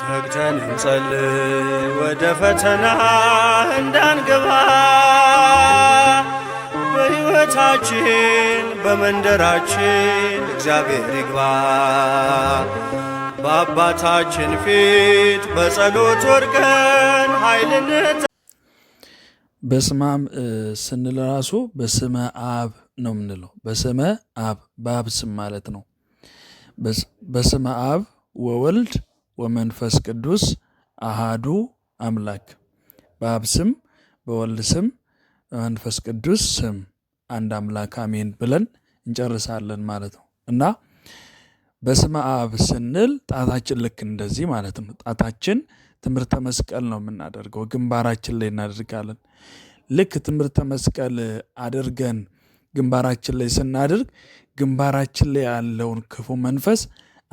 ተግተን እንጸልይ ወደ ፈተና እንዳንገባ በሕይወታችን በመንደራችን እግዚአብሔር ይግባ። በአባታችን ፊት በጸሎት ወድቀን ኃይልነት በስመ አብ ስንል ራሱ በስመ አብ ነው የምንለው። በስመ አብ በአብ ስም ማለት ነው። በስመ አብ ወወልድ ወመንፈስ ቅዱስ አሃዱ አምላክ። በአብ ስም በወልድ ስም በመንፈስ ቅዱስ ስም አንድ አምላክ አሜን ብለን እንጨርሳለን ማለት ነው እና በስመ አብ ስንል ጣታችን ልክ እንደዚህ ማለት ነው። ጣታችን ትምህርተ መስቀል ነው የምናደርገው፣ ግንባራችን ላይ እናደርጋለን። ልክ ትምህርተ መስቀል አድርገን ግንባራችን ላይ ስናደርግ ግንባራችን ላይ ያለውን ክፉ መንፈስ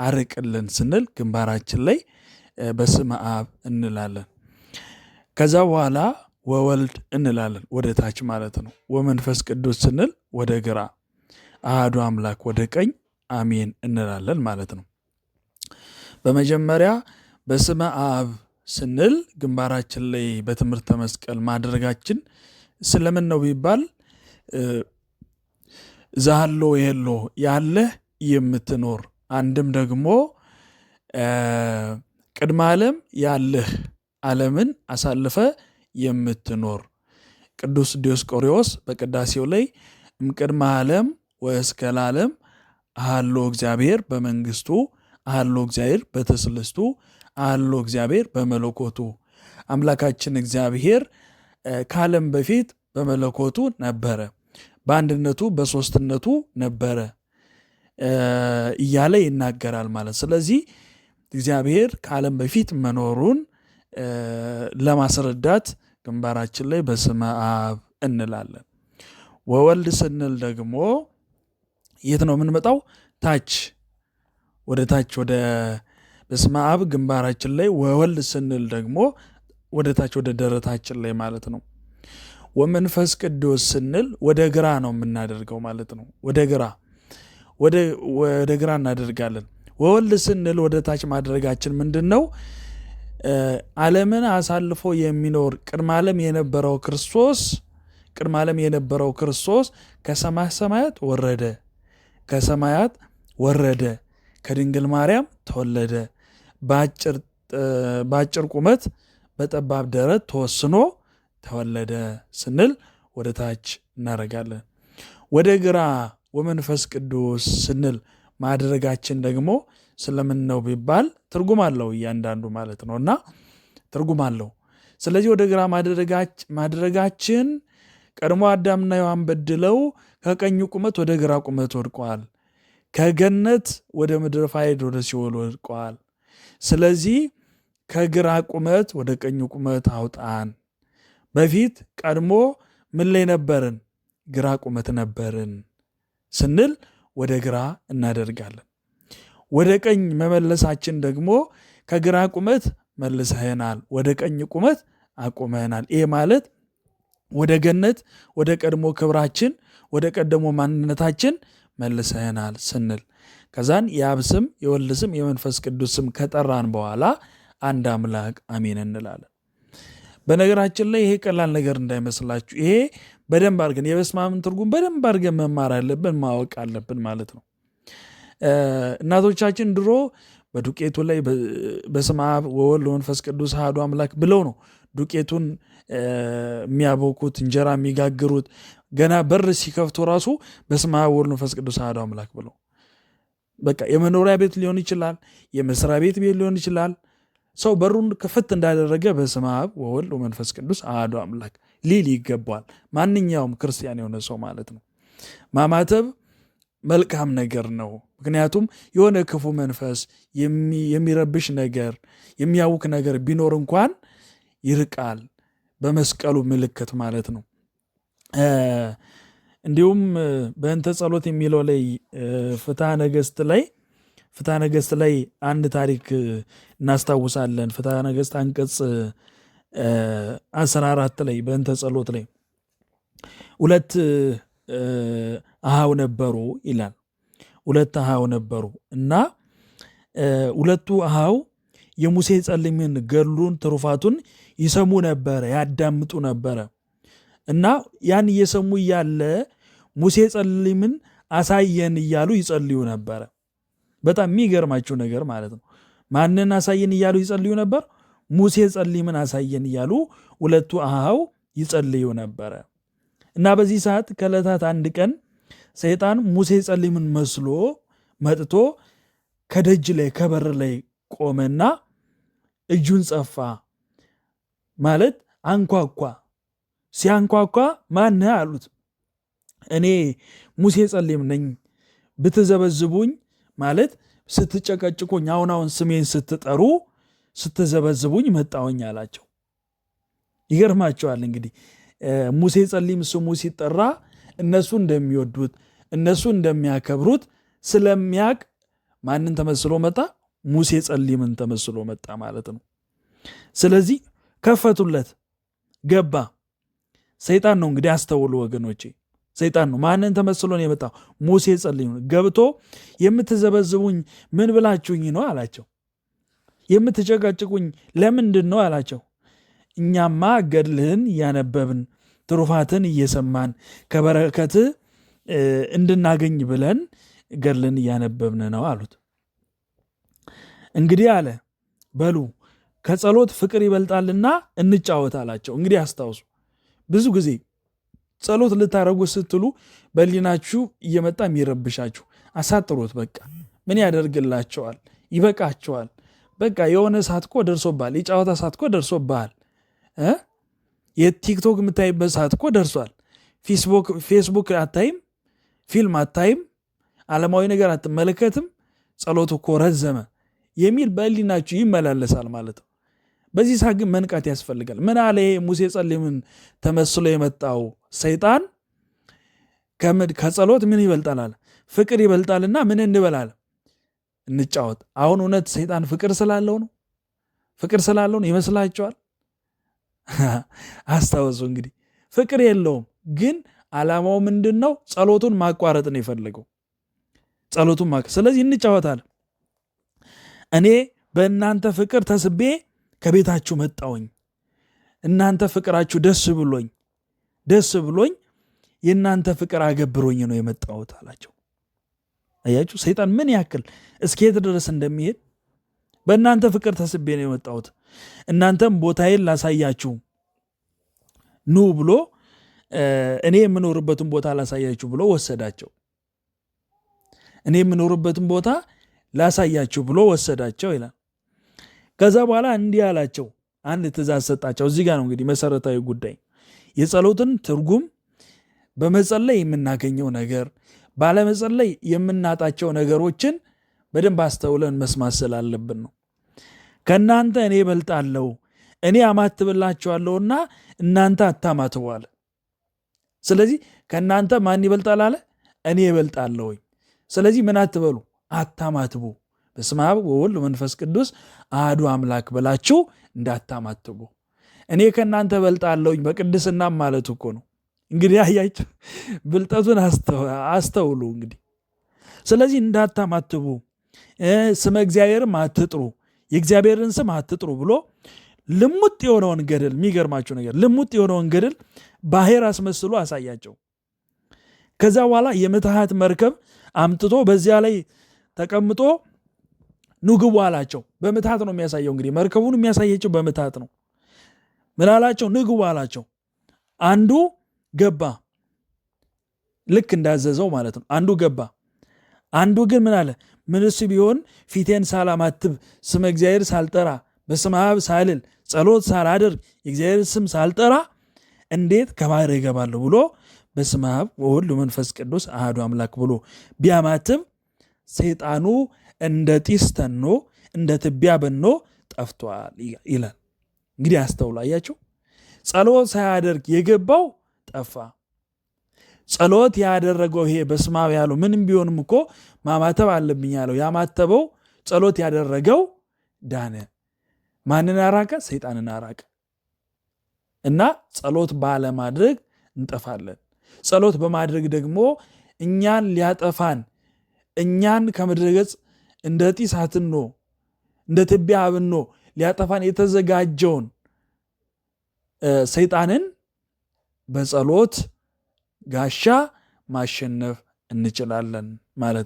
አርቅልን ስንል ግንባራችን ላይ በስመ አብ እንላለን። ከዛ በኋላ ወወልድ እንላለን ወደ ታች ማለት ነው። ወመንፈስ ቅዱስ ስንል ወደ ግራ፣ አህዱ አምላክ ወደ ቀኝ አሜን እንላለን ማለት ነው። በመጀመሪያ በስመ አብ ስንል ግንባራችን ላይ በትምህርተ መስቀል ማድረጋችን ስለምን ነው ቢባል ዛሎ የሎ ያለህ የምትኖር አንድም ደግሞ ቅድመ ዓለም ያለህ ዓለምን አሳልፈ የምትኖር ቅዱስ ዲዮስቆሪዎስ በቅዳሴው ላይ እምቅድመ ዓለም ወእስከ ለዓለም አሃሎ እግዚአብሔር በመንግስቱ አሃሎ እግዚአብሔር በተስልስቱ አሃሎ እግዚአብሔር በመለኮቱ አምላካችን እግዚአብሔር ከዓለም በፊት በመለኮቱ ነበረ። በአንድነቱ በሶስትነቱ ነበረ እያለ ይናገራል ማለት። ስለዚህ እግዚአብሔር ከዓለም በፊት መኖሩን ለማስረዳት ግንባራችን ላይ በስመ አብ እንላለን። ወወልድ ስንል ደግሞ የት ነው የምንመጣው? ታች ወደ ታች ወደ በስመ አብ ግንባራችን ላይ ወወልድ ስንል ደግሞ ወደ ታች ወደ ደረታችን ላይ ማለት ነው። ወመንፈስ ቅዱስ ስንል ወደ ግራ ነው የምናደርገው ማለት ነው። ወደ ግራ ወደ ግራ እናደርጋለን። ወወልድ ስንል ወደ ታች ማድረጋችን ምንድን ነው? ዓለምን አሳልፎ የሚኖር ቅድመ ዓለም የነበረው ክርስቶስ ቅድመ ዓለም የነበረው ክርስቶስ ከሰማይ ሰማያት ወረደ፣ ከሰማያት ወረደ፣ ከድንግል ማርያም ተወለደ፣ በአጭር ቁመት በጠባብ ደረት ተወስኖ ተወለደ ስንል ወደ ታች እናደርጋለን። ወደ ግራ ወመንፈስ ቅዱስ ስንል ማድረጋችን ደግሞ ስለምን ነው ቢባል ትርጉም አለው እያንዳንዱ ማለት ነው እና ትርጉም አለው። ስለዚህ ወደ ግራ ማድረጋችን ቀድሞ አዳምና ሔዋን በድለው ከቀኙ ቁመት ወደ ግራ ቁመት ወድቀዋል። ከገነት ወደ ምድረ ፋይድ ወደ ሲኦል ወድቀዋል። ስለዚህ ከግራ ቁመት ወደ ቀኙ ቁመት አውጣን በፊት ቀድሞ ምን ላይ ነበርን? ግራ ቁመት ነበርን ስንል ወደ ግራ እናደርጋለን። ወደ ቀኝ መመለሳችን ደግሞ ከግራ ቁመት መልሰህናል፣ ወደ ቀኝ ቁመት አቁመህናል። ይህ ማለት ወደ ገነት፣ ወደ ቀድሞ ክብራችን፣ ወደ ቀደሞ ማንነታችን መልሰህናል ስንል ከዛን የአብ ስም የወልድ ስም የመንፈስ ቅዱስ ስም ከጠራን በኋላ አንድ አምላክ አሜን እንላለን። በነገራችን ላይ ይሄ ቀላል ነገር እንዳይመስላችሁ፣ ይሄ በደንብ አድርገን የበስማምን ትርጉም በደንብ አድርገን መማር አለብን፣ ማወቅ አለብን ማለት ነው። እናቶቻችን ድሮ በዱቄቱ ላይ በስመ አብ ወወልድ ወመንፈስ ቅዱስ አሐዱ አምላክ ብለው ነው ዱቄቱን የሚያቦኩት እንጀራ የሚጋግሩት። ገና በር ሲከፍቱ ራሱ በስመ አብ ወወልድ ወመንፈስ ቅዱስ አሐዱ አምላክ ብለው በቃ የመኖሪያ ቤት ሊሆን ይችላል፣ የመስሪያ ቤት ቤት ሊሆን ይችላል ሰው በሩን ክፍት እንዳደረገ በስመ አብ ወወልድ ወመንፈስ ቅዱስ አሐዱ አምላክ ሊል ይገባዋል። ማንኛውም ክርስቲያን የሆነ ሰው ማለት ነው። ማማተብ መልካም ነገር ነው። ምክንያቱም የሆነ ክፉ መንፈስ፣ የሚረብሽ ነገር፣ የሚያውክ ነገር ቢኖር እንኳን ይርቃል። በመስቀሉ ምልክት ማለት ነው። እንዲሁም በእንተ ጸሎት የሚለው ላይ ፍትሐ ነገሥት ላይ ፍትሐ ነገሥት ላይ አንድ ታሪክ እናስታውሳለን። ፍትሐ ነገሥት አንቀጽ አስራ አራት ላይ በእንተ ጸሎት ላይ ሁለት አሃው ነበሩ ይላል። ሁለት አሃው ነበሩ እና ሁለቱ አሃው የሙሴ ጸሊምን ገድሉን ትሩፋቱን ይሰሙ ነበረ፣ ያዳምጡ ነበረ እና ያን እየሰሙ እያለ ሙሴ ጸሊምን አሳየን እያሉ ይጸልዩ ነበረ። በጣም የሚገርማቸው ነገር ማለት ነው። ማንን አሳየን እያሉ ይጸልዩ ነበር? ሙሴ ጸሊምን አሳየን እያሉ ሁለቱ አሃው ይጸልዩ ነበረ። እና በዚህ ሰዓት ከዕለታት አንድ ቀን ሰይጣን ሙሴ ጸሊምን መስሎ መጥቶ ከደጅ ላይ ከበር ላይ ቆመና እጁን ጸፋ ማለት አንኳኳ። ሲያንኳኳ ማን አሉት? እኔ ሙሴ ጸሊም ነኝ ብትዘበዝቡኝ ማለት ስትጨቀጭቁኝ፣ አሁን አሁን ስሜን ስትጠሩ፣ ስትዘበዝቡኝ መጣውኝ አላቸው። ይገርማቸዋል እንግዲህ ሙሴ ጸሊም ስሙ ሲጠራ እነሱ እንደሚወዱት እነሱ እንደሚያከብሩት ስለሚያቅ ማንን ተመስሎ መጣ? ሙሴ ጸሊምን ተመስሎ መጣ ማለት ነው። ስለዚህ ከፈቱለት፣ ገባ። ሰይጣን ነው እንግዲህ አስተውሉ ወገኖቼ። ሰይጣን ነው። ማንን ተመስሎ ነው የመጣው? ሙሴ ጸልዩ ገብቶ የምትዘበዝቡኝ ምን ብላችሁኝ ነው አላቸው። የምትጨቃጭቁኝ ለምንድን ነው አላቸው። እኛማ ገድልህን እያነበብን ትሩፋትን እየሰማን ከበረከት እንድናገኝ ብለን ገድልን እያነበብን ነው አሉት። እንግዲህ አለ በሉ ከጸሎት ፍቅር ይበልጣልና እንጫወት አላቸው። እንግዲህ አስታውሱ ብዙ ጊዜ ጸሎት ልታደረጉ ስትሉ በሊናችሁ እየመጣ የሚረብሻችሁ አሳጥሮት በቃ ምን ያደርግላቸዋል? ይበቃቸዋል። በቃ የሆነ ሰዓት እኮ ደርሶብሃል። የጨዋታ ሰዓት እኮ ደርሶብሃል። የቲክቶክ የምታይበት ሰዓት እኮ ደርሷል። ፌስቡክ አታይም፣ ፊልም አታይም፣ ዓለማዊ ነገር አትመለከትም፣ ጸሎት እኮ ረዘመ የሚል በሊናችሁ ይመላለሳል ማለት ነው። በዚህ ሰዓት ግን መንቃት ያስፈልጋል። ምን አለ ይሄ ሙሴ ጸሊምን ተመስሎ የመጣው ሰይጣን ከጸሎት ምን ይበልጣል? ፍቅር ይበልጣልና ምን እንበላል? እንጫወት። አሁን እውነት ሰይጣን ፍቅር ስላለው ነው ፍቅር ስላለው ነው ይመስላችኋል? አስታወሱ እንግዲህ ፍቅር የለውም። ግን አላማው ምንድን ነው? ጸሎቱን ማቋረጥ ነው የፈለገው። ጸሎቱን ማቋረጥ። ስለዚህ እንጫወታል። እኔ በእናንተ ፍቅር ተስቤ ከቤታችሁ መጣውኝ እናንተ ፍቅራችሁ ደስ ብሎኝ ደስ ብሎኝ የእናንተ ፍቅር አገብሮኝ ነው የመጣሁት አላቸው። አያችሁ ሰይጣን ምን ያክል እስከየት ድረስ እንደሚሄድ በእናንተ ፍቅር ተስቤ ነው የመጣሁት፣ እናንተም ቦታዬን ላሳያችሁ ኑ ብሎ እኔ የምኖርበትን ቦታ ላሳያችሁ ብሎ ወሰዳቸው። እኔ የምኖርበትን ቦታ ላሳያችሁ ብሎ ወሰዳቸው ይላል። ከዛ በኋላ እንዲህ አላቸው፣ አንድ ትእዛዝ ሰጣቸው። እዚህ ጋር ነው እንግዲህ መሰረታዊ ጉዳይ የጸሎትን ትርጉም በመጸለይ የምናገኘው ነገር ባለመጸለይ የምናጣቸው ነገሮችን በደንብ አስተውለን መስማት ስላለብን ነው። ከእናንተ እኔ እበልጣለሁ እኔ አማትብላችኋለሁና እናንተ አታማትቡ አለ። ስለዚህ ከእናንተ ማን ይበልጣል አለ? እኔ እበልጣለሁኝ። ስለዚህ ምን አትበሉ፣ አታማትቡ በስመ አብ ወወልድ መንፈስ ቅዱስ አህዱ አምላክ ብላችሁ እንዳታማትቡ። እኔ ከእናንተ በልጣለውኝ በቅድስና ማለት እኮ ነው። እንግዲህ አያችሁ ብልጠቱን አስተውሉ። እንግዲህ ስለዚህ እንዳታማትቡ፣ ስመ እግዚአብሔርም አትጥሩ፣ የእግዚአብሔርን ስም አትጥሩ ብሎ ልሙጥ የሆነውን ገድል የሚገርማችሁ ነገር ልሙጥ የሆነውን ገድል ባሕር አስመስሎ አሳያቸው። ከዛ በኋላ የምትሃት መርከብ አምጥቶ በዚያ ላይ ተቀምጦ ንግቡ አላቸው። በምታት ነው የሚያሳየው እንግዲህ መርከቡን የሚያሳየችው በምታት ነው። ምን አላቸው? ንግቡ አላቸው። አንዱ ገባ፣ ልክ እንዳዘዘው ማለት ነው። አንዱ ገባ። አንዱ ግን ምን አለ? ምንስ ቢሆን ፊቴን ሳላማትብ ስመ እግዚአብሔር ሳልጠራ በስመ አብ ሳልል ጸሎት ሳላደርግ የእግዚአብሔር ስም ሳልጠራ እንዴት ከባህር ይገባለሁ ብሎ በስመ አብ ወወልድ ወመንፈስ ቅዱስ አህዱ አምላክ ብሎ ቢያማትብ ሰይጣኑ እንደ ጢስ ተኖ እንደ ትቢያ በኖ ጠፍቷል ይላል። እንግዲህ አስተውሉ። አያችሁ፣ ጸሎት ሳያደርግ የገባው ጠፋ። ጸሎት ያደረገው ይሄ በስማብ ያለው ምንም ቢሆንም እኮ ማማተብ አለብኝ ያለው ያማተበው ጸሎት ያደረገው ዳነ። ማንን አራቀ? ሰይጣንን አራቀ። እና ጸሎት ባለማድረግ እንጠፋለን። ጸሎት በማድረግ ደግሞ እኛን ሊያጠፋን እኛን ከምድረገጽ እንደ ጢስ አትኖ እንደ ትቢያ አብኖ ሊያጠፋን የተዘጋጀውን ሰይጣንን በጸሎት ጋሻ ማሸነፍ እንችላለን ማለት